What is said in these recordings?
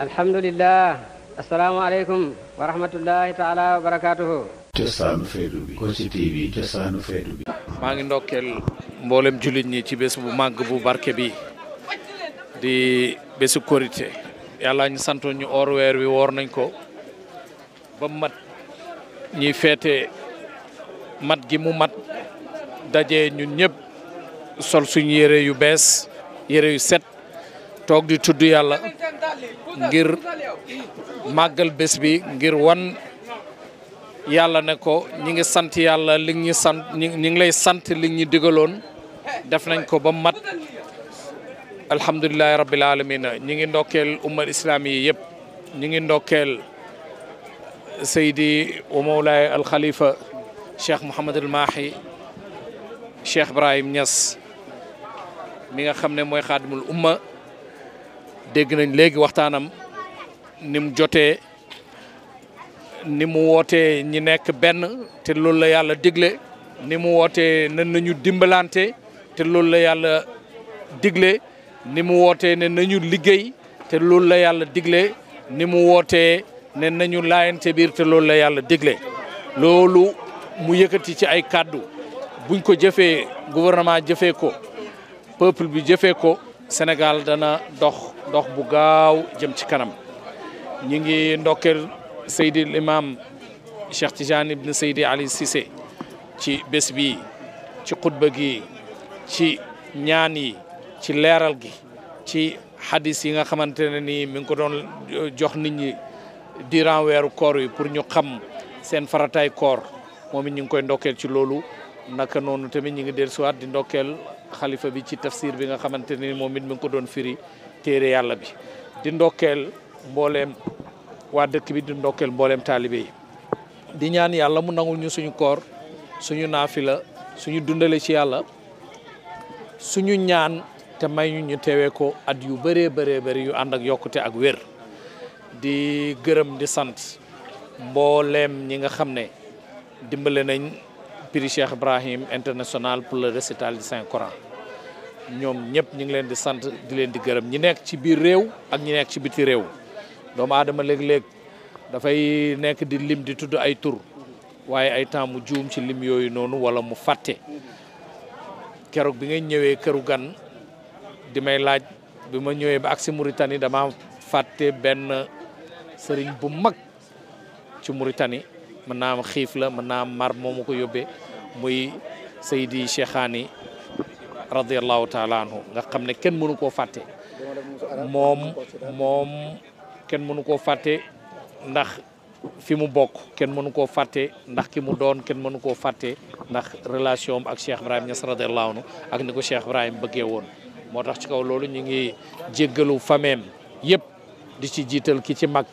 alhamdulilah asalaamaaleykum wa rahmatullahi taala wa barakaatuhu cosaanu feetu bi maa ngi ndokkeel mboolem jullit ñi ci bés bu màgg bu barke bi di bésu korité yàlla ñu santoon wi woor nañ ko ba mat ñi feete mat gi mu mat daje ñun ñëpp sol suñu yére yu bees yére yu set tok di tuddu yàlla ngir magal bés bi ngir wan yàlla ne ko ñi ngi sante yàlla li ñu sante ñi ngi lay sante li ñu digaloon def nañ ko ba mat alhamdullilah rabbil alamin ñi ngi ndokel ummal islam yi yeb ñi ngi ndokel seydi wa mawlaay alxalifa cheikh mouhamadul maahi cheikh ibrahim Niass mi nga xam ne mooy umma dégg nañ léegi waxtaanam ni jotee ni mu wootee ñi nekk benn te loolu la yàlla digle ni mu wootee ne nañu dimbalante te loolu la yàlla digle ni mu wootee ne nañu liggéey te loolu la yàlla digle ni mu wootee ne nañu laayante biir te loolu la yàlla digle loolu mu yëkkati ci ay kàddu buñ ko jëfee gouvernement jëfee ko peuple bi jëfee ko Sénégal dana dox dox bu gaaw jëm ci kanam ñi ngi ndokkel seydi imam cheikh tijan ibn seydi ali sise ci bes bi ci khutba gi ci ñaan yi ci leral gi ci hadith yi nga xamantene ni mi ngi ko doon euh, jox nit ñi di weeru koor yi pour ñu xam seen farataay koor momi ñu ngi koy ndokkel ci lolu naka nonu tamit ñi ngi suwat di ndokkel khalifa bi ci tafsir bi nga mi ngi ko doon firi téere yàlla bi di ndokkeel mbooleem waa dëkk bi di ndokkeel mbooleem taalibe yi di ñaan yàlla mu nangul ñu suñu koor suñu naafila suñu dundale ci yàlla suñu ñaan te may ñu ñu teewee ko at yu bëree bëree yu ànd ak yokkute ak wér di gërëm di sant mbooleem ñi nga xam ne dimbale nañ prix Cheikh Ibrahim international pour le récital du Saint Coran ñoom ñëpp ñu ngi leen di sant di leen di gërëm ñi nekk ci biir réew ak ñi nekk ci biti réew doomu adama léeg-léeg dafay nekk di lim di tudd ay tur waaye ay temps mu juum ci lim yooyu noonu wala mu fàtte keroog bi ngay ñëwee këru gan di may laaj bi ma ñëwee ba agsi Mauritanie dama fàtte benn sëriñ bu mag ci Mauritanie mën naa am xiif la mën naa am mar moo ma ko yóbbee muy Seydi Cheikhani radiallahu taala anhu nga xamne ne kenn mënu koo mom mom ken kenn mënu koo fàtte ndax fi mu bok kenn munu ko fàtte ndax ki mu doon kenn munu ko fàtte ndax relation ak cheikh ibrahim ñas radiallahu anhu ak ni ko cheikh ibrahim beugé won motax ci kaw lolu ñi ngi jéggelu famem yépp di ci jiital ki ci mag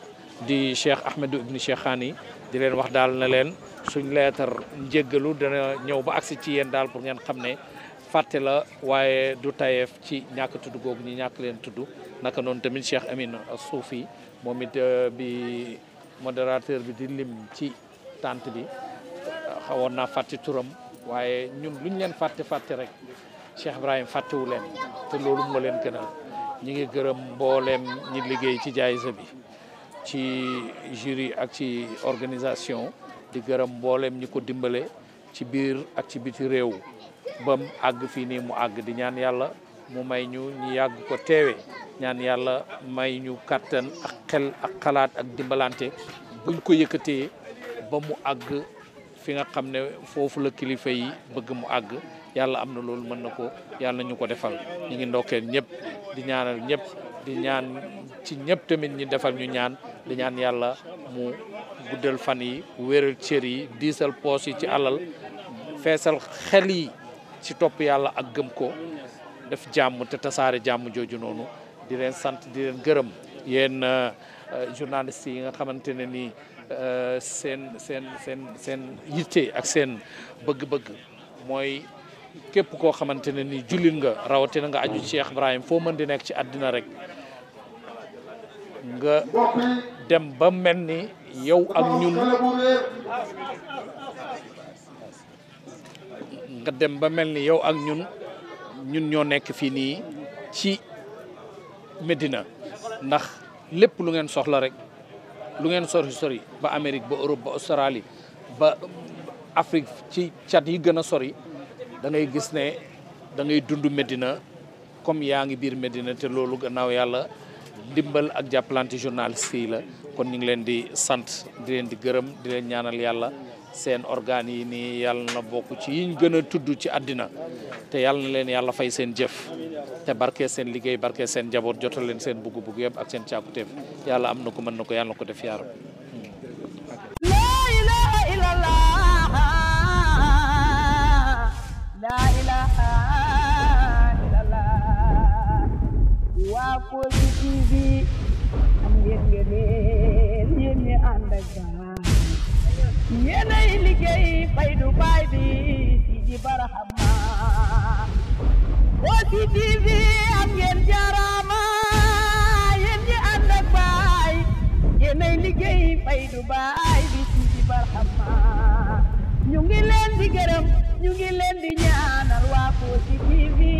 di cheikh ibn cheikh khani di len wax dal na len suñ lettre jéggelu dana ñëw ba aksi ci yeen dal pour ngeen xamné fàtte la waaye du tayeef ci ñàkk tudd googu ñu ñàkk leen tudd naka noonu tamit Cheikh Amin Soufi moom it euh, bi modérateur bi di lim ci tànt bi xawoon na fàtte turam waaye ñun luñ leen fàtte fàtte rek Cheikh Ibrahim fàttewu leen te loolu moo leen gënal ñi ngi gërëm mbooleem ñi liggéey ci jaayisa bi ci jury ak ci organisation di gërëm mbooleem ñi ko dimbale ci biir ak ci biti réew ba mu àgg fii nii mu àgg di ñaan yàlla mu may ñu ñu yàgg ko teewe ñaan yàlla may ñu kàttan ak xel ak xalaat ak dimbalante buñ ko yëkkatee ba mu àgg fi nga xam ne foofu la kilifa yi bëgg mu àgg yàlla am na loolu mën na ko yàlla ñu ko defal ñu ngi ndokkeel ñëpp di ñaanal ñëpp di ñaan ci ñëpp tamit ñu defal ñu ñaan di ñaan yàlla mu guddal fan yi wéral cër yi diisal poos yi ci alal feesal xel yi ci topp yàlla ak gëm ko def jàmm te tasaare jàmm jooju noonu di leen sant di leen gërëm yéen euh, euh, journalistes yi nga xamante ne nii euh, seen seen seen seen yitte ak seen bëgg-bëgg mooy képp koo xamante ne nii jullit nga rawatina nga aju Cheikh Ibrahim foo mën di nekk ci àddina rek nga dem ba mel ni yow ak ñun nga dem ba mel ni yow ak ñun ñun ñoo nekk fii nii ci Medina ndax lépp lu ngeen soxla rek lu ngeen sori sori ba Amérique ba Europe ba Australie ba Afrique ci cat yi gën a sori da ngay gis ne dangay ngay dund Medina comme yaa ngi biir Medina te loolu gannaaw yàlla ndimbal ak jàppalante journaliste yi la kon ñu ngi leen di sant di leen di gërëm di leen ñaanal yàlla seen organes yi nii yàlla na bokk ci yiñ gëna a tudd ci adina te yalla na leen yalla fay seen jëf te barke seen liggéey barke seen jabor jotal leen seen bugu bugu yeb ak seen ciakutef yalla am na ko mën na ko yàlla na ko def yaaram waa Kossy TV am ngeen ngeen yéen ñi ànd yéenay liggéey fay ñu ngi leen di gërëm ñu ngi leen di ñaanal waa Kossy TV